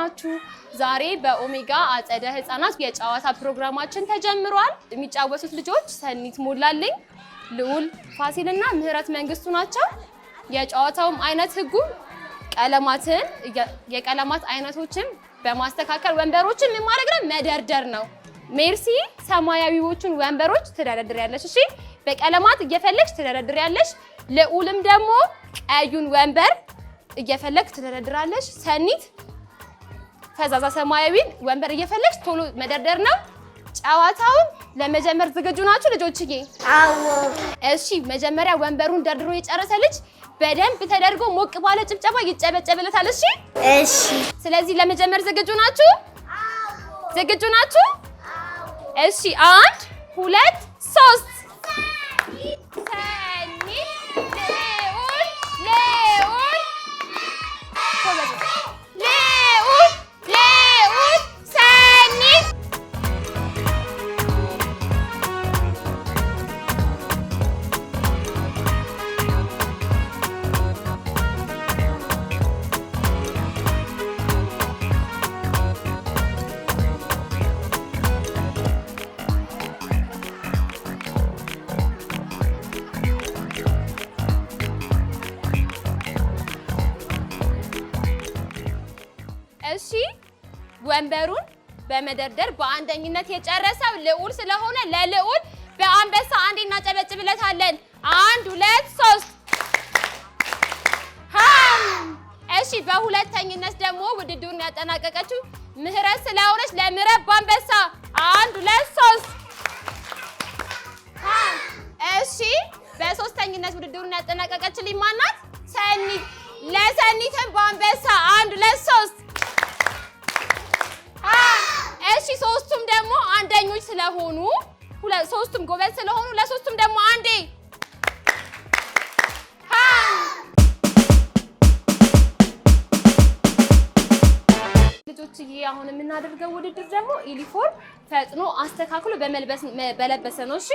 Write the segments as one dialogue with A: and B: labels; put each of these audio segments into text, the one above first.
A: ናችሁ? ዛሬ በኦሜጋ አጸደ ህፃናት የጨዋታ ፕሮግራማችን ተጀምሯል። የሚጫወቱት ልጆች ሰኒት ሞላልኝ፣ ልዑል ፋሲልና ምህረት መንግስቱ ናቸው። የጨዋታውም አይነት ህጉ ቀለማትን የቀለማት አይነቶችን በማስተካከል ወንበሮችን ምን ማድረግ ነው መደርደር ነው። ሜርሲ ሰማያዊዎቹን ወንበሮች ትደረድሪያለሽ። እሺ በቀለማት እየፈለግሽ ትደረድሪያለሽ። ልዑልም ደግሞ ቀዩን ወንበር እየፈለግ ትደረድራለሽ። ሰኒት ፈዛዛ ሰማያዊን ወንበር እየፈለግሽ ቶሎ መደርደር ነው። ጨዋታውን ለመጀመር ዝግጁ ናችሁ ልጆችዬ? አዎ። እሺ፣ መጀመሪያ ወንበሩን ደርድሮ የጨረሰ ልጅ በደንብ ተደርጎ ሞቅ ባለ ጭብጨባ ይጨበጨብለታል። እሺ? እሺ። ስለዚህ ለመጀመር ዝግጁ ናችሁ? ዝግጁ ናችሁ? እሺ። አንድ ሁለት ሶስት በመደርደር በአንደኝነት የጨረሰው ልዑል ስለሆነ ለልዑል በአንበሳ አንዴ እናጨበጭብለታለን። አንድ ሁለት ሶስት። እሺ፣ በሁለተኝነት ደግሞ ውድድሩን ያጠናቀቀችው ምህረት ስለሆነች ለምህረት በአንበሳ አንድ ሁለት ሶስት። እሺ፣ በሶስተኝነት ውድድሩን ያጠናቀቀችልኝ ማናት? ሰኒ። ለሰኒትን በአንበሳ አንድ ሁለት ሶስት እሺ ሶስቱም ደግሞ አንደኞች ስለሆኑ ሶስቱም ጎበዝ ስለሆኑ ለሶስቱም ደግሞ አንዴ ልጆችዬ አሁን የምናደርገው ውድድር ደግሞ ኢሊፎር ፈጥኖ አስተካክሎ በመልበስ በለበሰ ነው። እሺ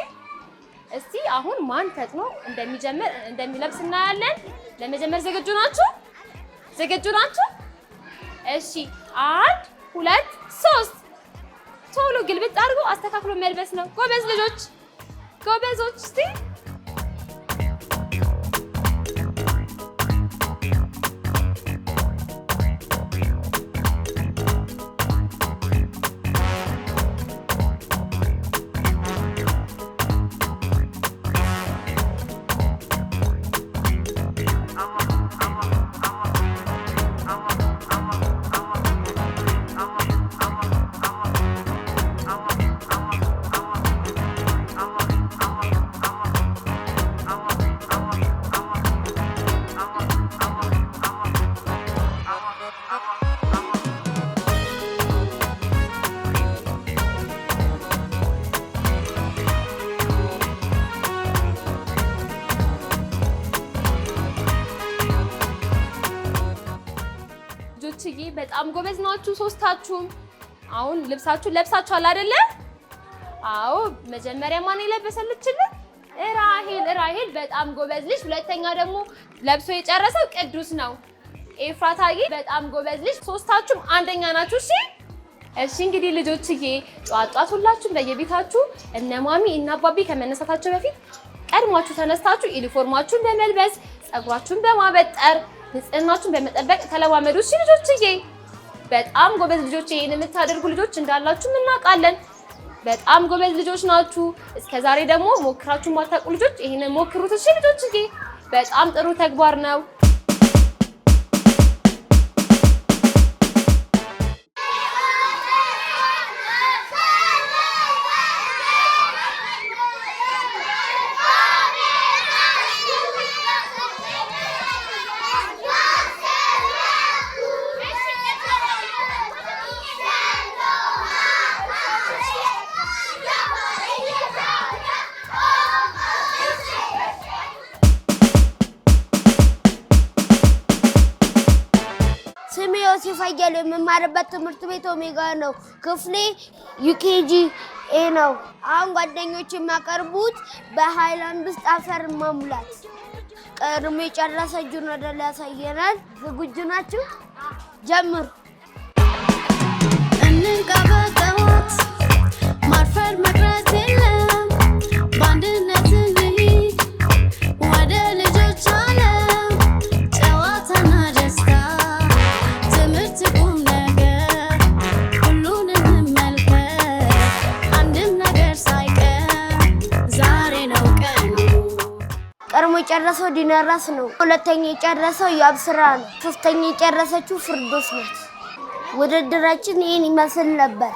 A: እስቲ አሁን ማን ፈጥኖ እንደሚጀምር እንደሚለብስ እናያለን። ለመጀመር ዝግጁ ናችሁ? ዝግጁ ናችሁ? እሺ አንድ ሁለት ሶስት ቶሎ ግልብጥ አድርጎ አስተካክሎ መልበስ ነው። ጎበዝ ልጆች፣ ጎበዞች። እትዬ በጣም ጎበዝ ናችሁ ሶስታችሁም። አሁን ልብሳችሁን ለብሳችኋል አይደለ? አዎ። መጀመሪያ ማን የለበሰልችልን? ራሄል። ራሄል በጣም ጎበዝ ልጅ። ሁለተኛ ደግሞ ለብሶ የጨረሰው ቅዱስ ነው። ኤፍራታዬ በጣም ጎበዝ ልጅ። ሶስታችሁም አንደኛ ናችሁ። እሺ እሺ እንግዲህ ልጆችዬ ጧት ጧት ሁላችሁም በየቤታችሁ እነ ማሚ እና አባቢ ከመነሳታቸው በፊት ቀድማችሁ ተነስታችሁ ዩኒፎርማችሁን በመልበስ ጸጉራችሁን በማበጠር ንጽህናችሁን በመጠበቅ ተለማመዱ። እሺ ልጆችዬ፣ በጣም ጎበዝ ልጆች፣ ይሄን የምታደርጉ ልጆች እንዳላችሁ እናውቃለን። በጣም ጎበዝ ልጆች ናችሁ። እስከዛሬ ደግሞ ሞክራችሁ የማታውቁ ልጆች ይሄንን ሞክሩት። እሺ ልጆችዬ፣ በጣም ጥሩ ተግባር ነው።
B: ስሜ ዮሴፍ አያሌው የምማርበት ትምህርት ቤት ኦሜጋ ነው። ክፍሌ ዩኬጂ ኤ ነው። አሁን ጓደኞች የሚያቀርቡት በሃይላንድ ውስጥ አፈር መሙላት። ቀድሞ የጨረሰ እጁን ወደ ላይ ያሳየናል። ዝግጁ ናችሁ? ጀምሩ። እንንቀበቀወት ማርፈር መድረስ የጨረሰው ዲነራስ ነው። ሁለተኛ የጨረሰው የአብስራ ነው። ሶስተኛ የጨረሰችው ፍርዶስ ናት። ውድድራችን ይህን ይመስል ነበር።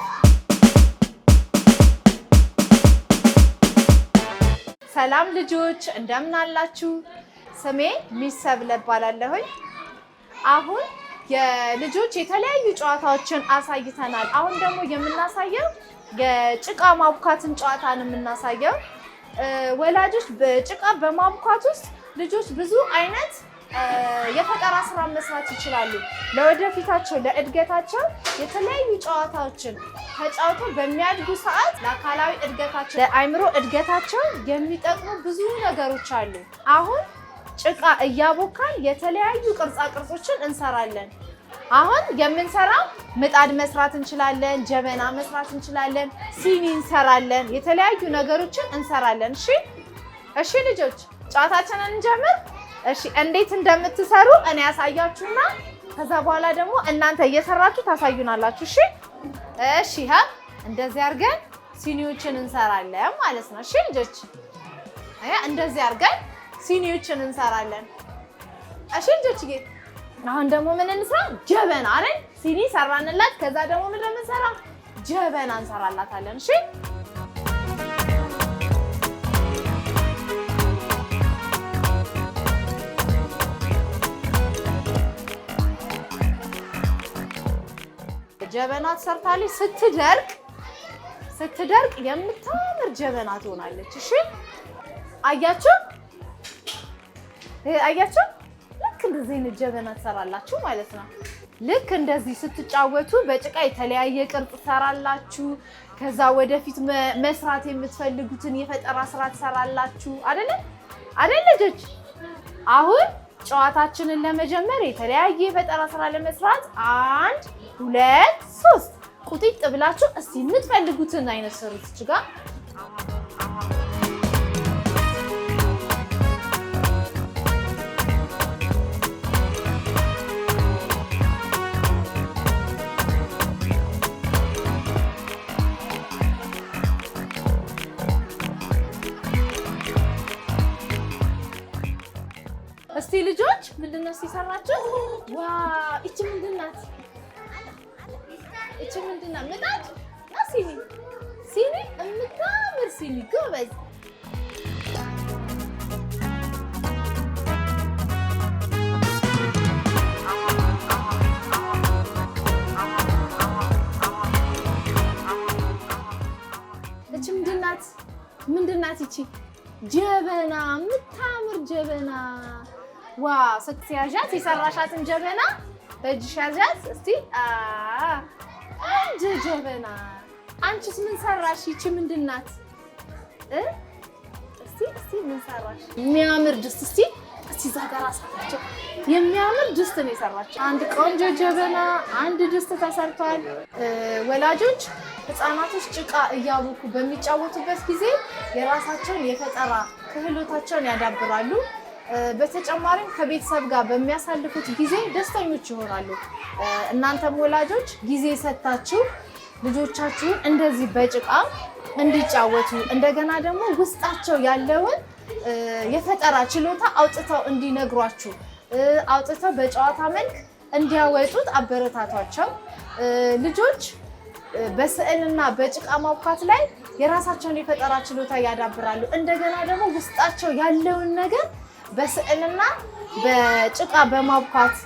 A: ሰላም ልጆች እንደምን አላችሁ? ስሜ ሚስ ሰብለ እባላለሁኝ። አሁን የልጆች የተለያዩ ጨዋታዎችን አሳይተናል። አሁን ደግሞ የምናሳየው የጭቃ ማቡካትን ጨዋታን የምናሳየው ወላጆች በጭቃ በማብኳት ውስጥ ልጆች ብዙ አይነት የፈጠራ ስራ መስራት ይችላሉ። ለወደፊታቸው ለእድገታቸው የተለያዩ ጨዋታዎችን ተጫውቶ በሚያድጉ ሰዓት ለአካላዊ እድገታቸው ለአይምሮ እድገታቸው የሚጠቅሙ ብዙ ነገሮች አሉ። አሁን ጭቃ እያቦካን የተለያዩ ቅርጻ ቅርጾችን እንሰራለን። አሁን የምንሰራው ምጣድ መስራት እንችላለን፣ ጀበና መስራት እንችላለን፣ ሲኒ እንሰራለን፣ የተለያዩ ነገሮችን እንሰራለን። እሺ እሺ ልጆች ጨዋታችንን እንጀምር። እሺ እንዴት እንደምትሰሩ እኔ ያሳያችሁና ከዛ በኋላ ደግሞ እናንተ እየሰራችሁ ታሳዩናላችሁ። እሺ እሺ ሀ እንደዚህ አድርገን ሲኒዎችን እንሰራለን ማለት ነው። እሺ ልጆች እንደዚህ አድርገን ሲኒዎችን እንሰራለን። እሺ ልጆች አሁን ደግሞ ምን እንስራ? ጀበና አይደል? ሲኒ ሰራንላት። ከዛ ደግሞ ምን ለምንሰራ? ጀበና እንሰራላታለን። እሺ ጀበና ትሰርታለች። ስትደርቅ ስትደርቅ የምታምር ጀበና ትሆናለች። እሺ አያችሁ፣ አያችሁ እንደዚህ አይነት ጀበና ትሰራላችሁ ማለት ነው። ልክ እንደዚህ ስትጫወቱ በጭቃ የተለያየ ቅርጽ ትሰራላችሁ። ከዛ ወደፊት መስራት የምትፈልጉትን የፈጠራ ስራ ትሰራላችሁ። አደለ አደለ ልጆች? አሁን ጨዋታችንን ለመጀመር የተለያየ የፈጠራ ስራ ለመስራት አንድ ሁለት ሶስት ቁጢጥ ብላችሁ እስቲ የምትፈልጉትን አይነት ስሩት ጋር ምንድን ነው ሲሰራችሁ? ዋ እቺ ምንድን ናት? እቺ ምንድን ናት? ምጣድ ነው ሲኒ ሲኒ እምታምር ሲኒ ጎበዝ። እቺ ምንድን ናት? ምንድን ናት? እቺ ጀበና የምታምር ጀበና ዋ ያዣት የሰራሻትን ጀበና በእጅሽ ያዣት እስቲ። አንድ ጀበና አንቺስ ምን ሰራሽ? ይቺ ምንድን ናት? እስቲ እስቲ ምን ሰራሽ? የሚያምር ድስት እስቲ እስቲ እዛ ጋር አሳያቸው። የሚያምር ድስት ነው የሰራችው። አንድ ቆንጆ ጀበና፣ አንድ ድስት ተሰርቷል። ወላጆች ህፃናቶች ጭቃ እያቦኩ በሚጫወቱበት ጊዜ የራሳቸውን የፈጠራ ክህሎታቸውን ያዳብራሉ። በተጨማሪም ከቤተሰብ ጋር በሚያሳልፉት ጊዜ ደስተኞች ይሆናሉ። እናንተም ወላጆች ጊዜ ሰጥታችሁ ልጆቻችሁን እንደዚህ በጭቃ እንዲጫወቱ እንደገና ደግሞ ውስጣቸው ያለውን የፈጠራ ችሎታ አውጥተው እንዲነግሯችሁ አውጥተው በጨዋታ መልክ እንዲያወጡት አበረታቷቸው። ልጆች በስዕልና በጭቃ ማቡካት ላይ የራሳቸውን የፈጠራ ችሎታ ያዳብራሉ። እንደገና ደግሞ ውስጣቸው ያለውን ነገር በስዕልና በጭቃ በማብኳት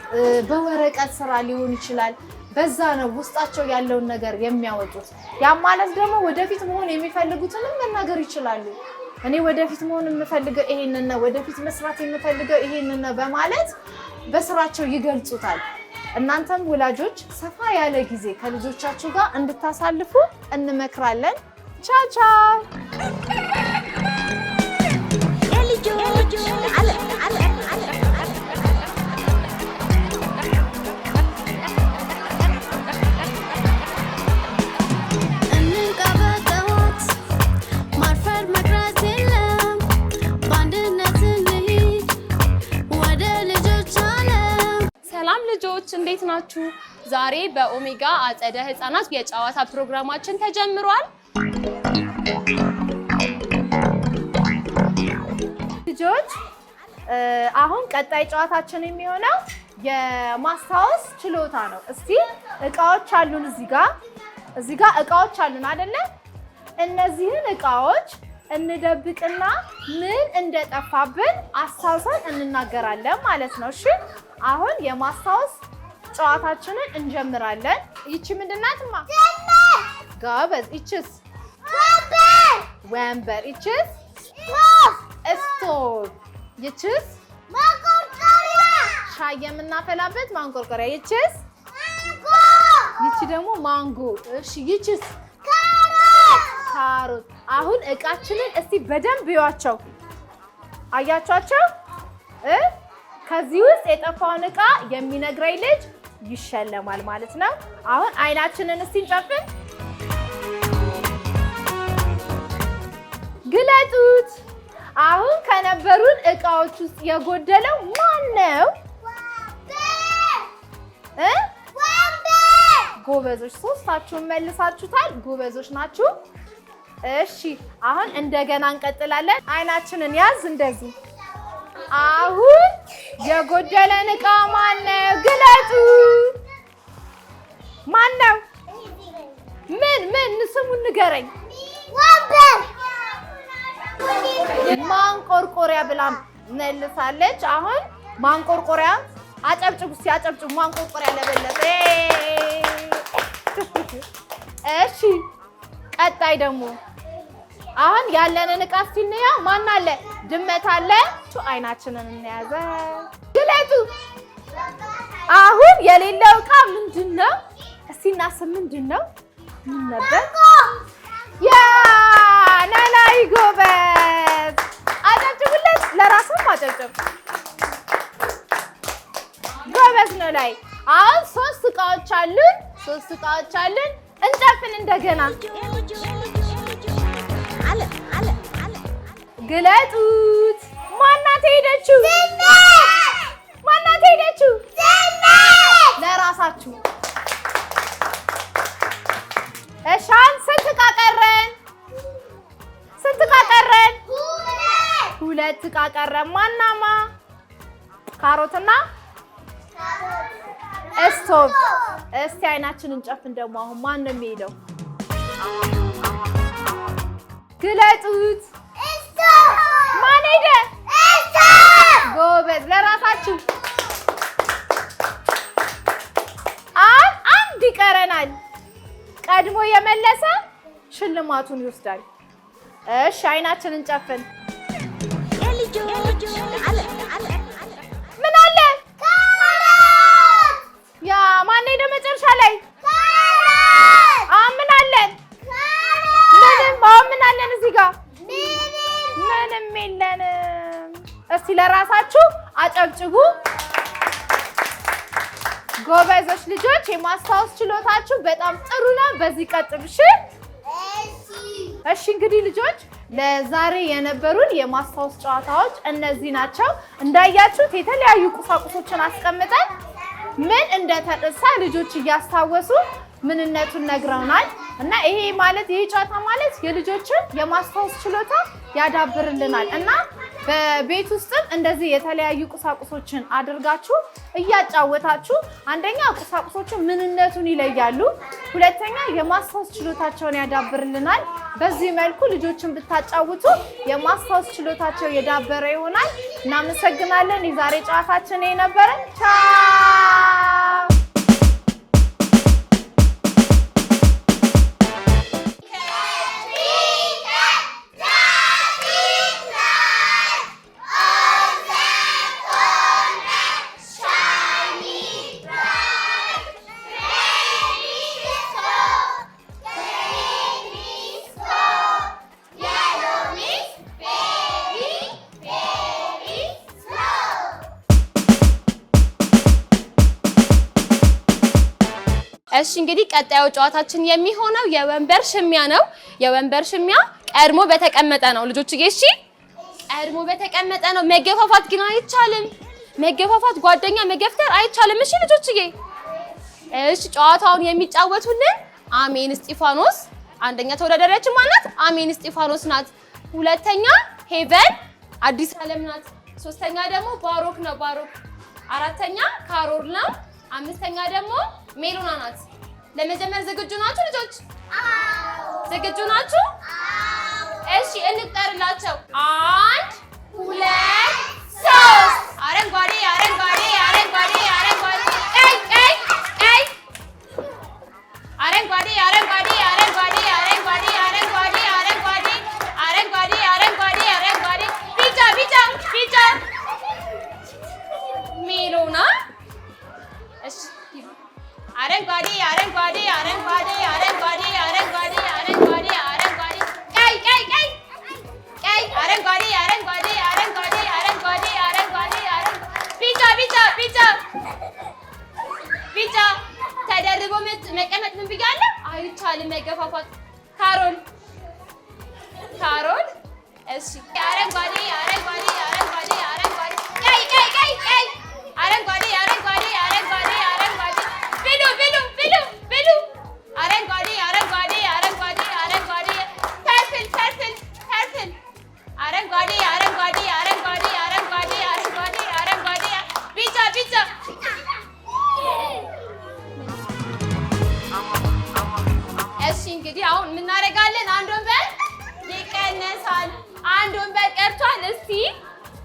A: በወረቀት ስራ ሊሆን ይችላል። በዛ ነው ውስጣቸው ያለውን ነገር የሚያወጡት። ያም ማለት ደግሞ ወደፊት መሆን የሚፈልጉትንም መናገር ይችላሉ። እኔ ወደፊት መሆን የምፈልገው ይሄንን ነው፣ ወደፊት መስራት የምፈልገው ይሄንን ነው በማለት በስራቸው ይገልጹታል። እናንተም ወላጆች ሰፋ ያለ ጊዜ ከልጆቻችሁ ጋር እንድታሳልፉ እንመክራለን። ቻቻ ልጆች እንዴት ናችሁ? ዛሬ በኦሜጋ አጸደ ህፃናት የጨዋታ ፕሮግራማችን ተጀምሯል። ልጆች አሁን ቀጣይ ጨዋታችን የሚሆነው የማስታወስ ችሎታ ነው። እስቲ እቃዎች አሉን እዚህ ጋ እዚህ ጋ እቃዎች አሉን አይደለ? እነዚህን እቃዎች እንደብቅና ምን እንደጠፋብን አስታውሰን እንናገራለን ማለት ነው። እሺ አሁን የማስታወስ ጨዋታችንን እንጀምራለን። ይቺ ምንድን ናት? ማ ጋበዝ። ይችስ ወንበር። ይችስ? ስቶቭ። ይችስ?
B: ማንቆርቆሪያ፣
A: ሻይ የምናፈላበት ማንቆርቆሪያ። ይችስ ይቺ ደግሞ ማንጎ። እሺ፣ ይችስ?
B: ካሮት።
A: አሁን እቃችንን እስቲ በደንብ እዩዋቸው። እ ከዚህ ውስጥ የጠፋውን እቃ የሚነግረኝ ልጅ ይሸለማል ማለት ነው። አሁን አይናችንን እስቲ እንጨፍን። ግለጡት። አሁን ከነበሩን እቃዎች ውስጥ የጎደለው ማን ነው? ጎበዞች፣ ሶስታችሁን መልሳችሁታል። ጎበዞች ናችሁ። እሺ፣ አሁን እንደገና እንቀጥላለን። አይናችንን ያዝ እንደዚህ አሁን የጎደለን እቃ ማነው? ግለጡ። ማነው? ምን ምን? ስሙ ንገረኝ። ማንቆርቆሪያ ብላ መልሳለች። አሁን ማንቆርቆሪያ አጨብጭቡ፣ እስኪ ማንቆርቆሪያ ለበለጠ። እሺ፣ ቀጣይ ደግሞ አሁን ያለንን እቃ እስቲ እንየው። ማን አለ? ድመት አለ። ቹ አይናችንን እንያዘ ግለጡ። አሁን የሌለው እቃ ምንድን ነው? እስቲ እናስብ። ምንድን ነው? ምን ነበር? ያ ናናይ ጎበዝ። አጨብጭቡለት፣ ለራስም አጨብጭብ። ጎበዝ ነው ላይ አሁን ሶስት እቃዎች አሉን። ሶስት እቃዎች አሉን። እንጨፍን እንደገና ግለጡት። ማናት ሄደችው? ማናት ሄደችው? ለራሳችሁ። እሻን ስንት ዕቃ ቀረን? ስንት ዕቃ ቀረን? ሁለት ዕቃ ቀረን። ማናማ ካሮትና እስቶብ። እስቲ አይናችንን ጨፍን። ደግሞ አሁን ማን ነው የሚሄደው? ግለጡት ልማቱን ይወስዳል። እሺ አይናችንን ጨፍን። ምን አለ ያ ማን ሄደ መጨረሻ ላይ አምን አለን ምንም አምን አለን እዚህ ጋር ምንም የለንም። እስቲ ለራሳችሁ አጨብጭቡ። ጎበዞች ልጆች፣ የማስታወስ ችሎታችሁ በጣም ጥሩ ነው። በዚህ ቀጥሉ። ልጆች ለዛሬ የነበሩን የማስታወስ ጨዋታዎች እነዚህ ናቸው። እንዳያችሁት የተለያዩ ቁሳቁሶችን አስቀምጠን ምን እንደተረሳ ልጆች እያስታወሱ ምንነቱን ነግረውናል እና ይሄ ማለት ይሄ ጨዋታ ማለት የልጆችን የማስታወስ ችሎታ ያዳብርልናል እና በቤት ውስጥም እንደዚህ የተለያዩ ቁሳቁሶችን አድርጋችሁ እያጫወታችሁ አንደኛ ቁሳቁሶቹ ምንነቱን ይለያሉ፣ ሁለተኛ የማስታወስ ችሎታቸውን ያዳብርልናል። በዚህ መልኩ ልጆችን ብታጫውቱ የማስታወስ ችሎታቸው የዳበረ ይሆናል። እናመሰግናለን። የዛሬ ጨዋታችን የነበረ ቻው ቀጣዩ ጨዋታችን የሚሆነው የወንበር ሽሚያ ነው። የወንበር ሽሚያ ቀድሞ በተቀመጠ ነው ልጆችዬ፣ እሺ። ቀድሞ በተቀመጠ ነው። መገፋፋት ግን አይቻልም። መገፋፋት፣ ጓደኛ መገፍተር አይቻልም። እሺ ልጆችዬ፣ እሺ። ጨዋታውን የሚጫወቱልን አሜን እስጢፋኖስ አንደኛ ተወዳዳሪያችን ማናት? አሜን እስጢፋኖስ ናት። ሁለተኛ ሄቨን አዲስ አለም ናት። ሶስተኛ ደግሞ ባሮክ ነው ባሮክ። አራተኛ ካሮል ነው። አምስተኛ ደግሞ ሜሎና ናት። ለመጀመር ዝግጁ ናችሁ ልጆች? ዝግጁ ናችሁ? እሺ እንጠርላቸው። አንድ ሁለት ሶስት። አረንጓዴ አረንጓዴ አረንጓዴ አረንጓዴ ቀይ ቀይ ቀይ አረንጓዴ አረንጓዴ አረንጓዴ አረንጓዴ አረንጓዴ አረንጓዴ አረንጓዴ አረንጓዴ አረንጓዴ ቢጫ ቢጫ ቢጫ ሜሎና እሺ Arenkwadi, Arenkwadi, Arenkwadi, Arenkwadi, Arenkwadi, Arenkwadi, Arenkwadi. Gel, gel, gel. Gel, Arenkwadi, Arenkwadi, Arenkwadi, Arenkwadi, Arenkwadi, Arenkwadi. Pizza, pizza, pizza. Pizza. ተደርቦ መቀመጥ ምን ብያለሁ? አይቻልም መገፋፋት። ካሮል ካሮል። እሺ አረንጓዴ አረንጓዴ እስቲ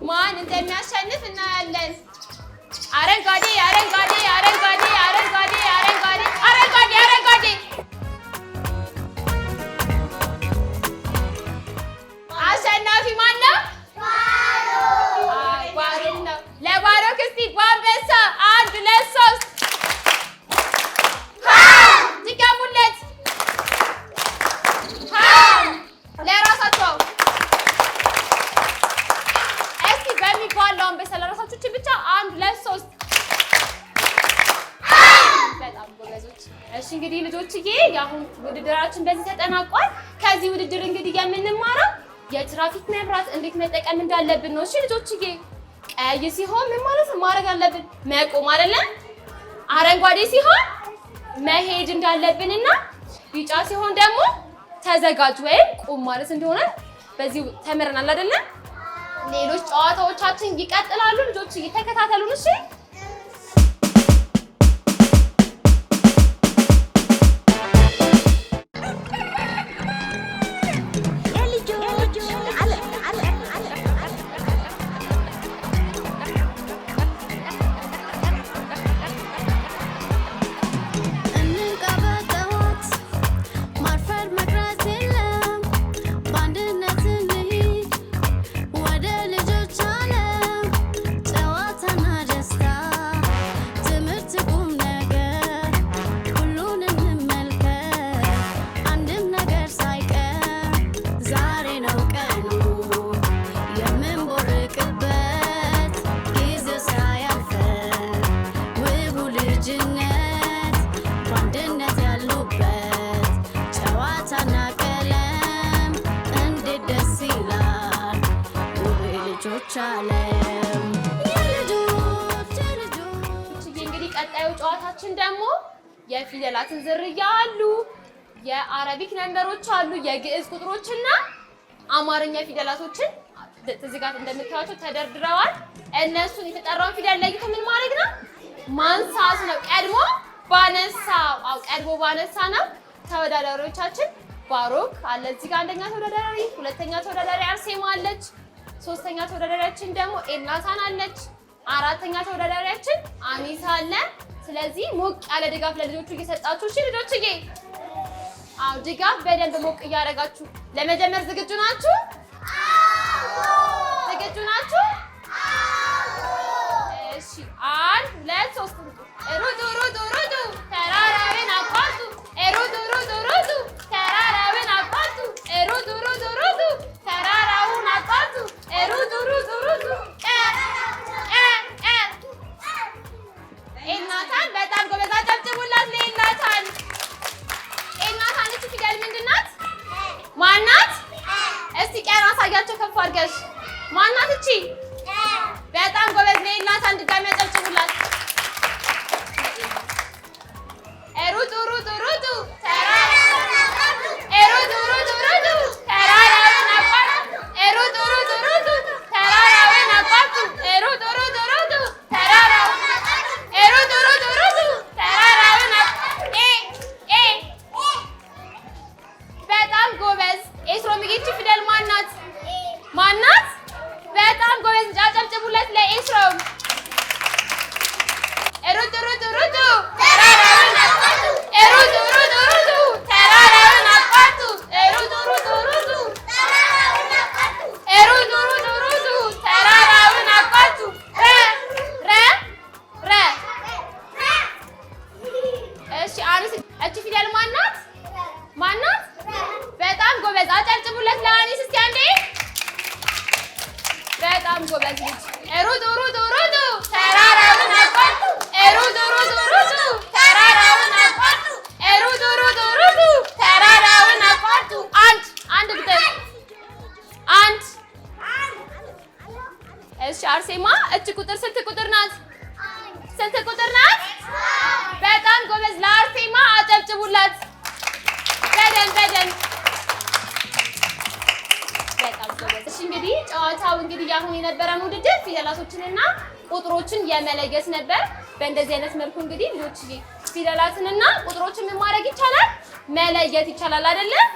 A: ማን እንደሚያሸንፍ እናያለን። አረንጓዴ አረንጓዴ አረንጓዴ አንበሳ ለራሳችሁ እቺ ብቻ አንድ ሁለት ሶስት። በጣም ጎበዞች። እሺ እንግዲህ ልጆችዬ የአሁን ውድድራችን በዚህ ተጠናቋል። ከዚህ ውድድር እንግዲህ የምንማረው የትራፊክ መብራት እንዴት መጠቀም እንዳለብን ነው። እሺ ልጆችዬ ቀይ ሲሆን ምን ማለት ነው ማድረግ አለብን? መቆም አይደለም። አረንጓዴ ሲሆን መሄድ እንዳለብንና ቢጫ ሲሆን ደግሞ ተዘጋጅ ወይም ቁም ማለት እንደሆነ በዚህ ተምረናል አይደለም? ሌሎች ጨዋታዎቻችን ይቀጥላሉ። ልጆች እየተከታተሉን እሺ። አልቻለም። እንግዲህ ቀጣዩ ጨዋታችን ደግሞ የፊደላትን ዝርያ አሉ፣ የአረቢክ ነንበሮች አሉ፣ የግዕዝ ቁጥሮችና አማርኛ ፊደላቶችን እዚህ ጋር ተደርድረዋል። እነሱን የተጠራውን ፊደል ለይቶ ምን ማድረግ ነው? ማንሳት ነው። ቀድሞ ባነሳ አው ቀድሞ ባነሳ ነው። ተወዳዳሪዎቻችን ባሮክ አለ እዚህ ጋር አንደኛ ተወዳዳሪ፣ ሁለተኛ ተወዳዳሪ አርሴማ አለች። ሶስተኛ ተወዳዳሪያችን ደግሞ ኤልናታን አለች። አራተኛ ተወዳዳሪያችን አሚሳ አለ። ስለዚህ ሞቅ ያለ ድጋፍ ለልጆቹ እየሰጣችሁ እሺ ልጆችዬ፣ አዎ ድጋፍ በደንብ ሞቅ እያደረጋችሁ ለመጀመር ዝግጁ ናችሁ? ዝግጁ ናችሁ? እሺ አንድ ሁለት ሶስት ሩጡ ሩጡ ሩዝ ሩዝ ሩዝ ናታን በጣም ጎበዝ አጨብጭቡላት። ለናታን ናታን እች ፊደል ምንድን ናት? ማን ናት? እስቲ ቀን አሳያቸው ከፍ አድርገሽ ማናት እቺ? በጣም ጎበዝ ለናታን ድጋሚ አጨብጭቡላት። እሺ እንግዲህ ጨዋታው እንግዲህ አሁን የነበረን ውድድር ፊደላቶችንና ቁጥሮችን የመለየት ነበር። በእንደዚህ አይነት መልኩ እንግዲህ ልጆች ፊደላትንና ቁጥሮችን ምን ማድረግ ይቻላል? መለየት ይቻላል አይደለም?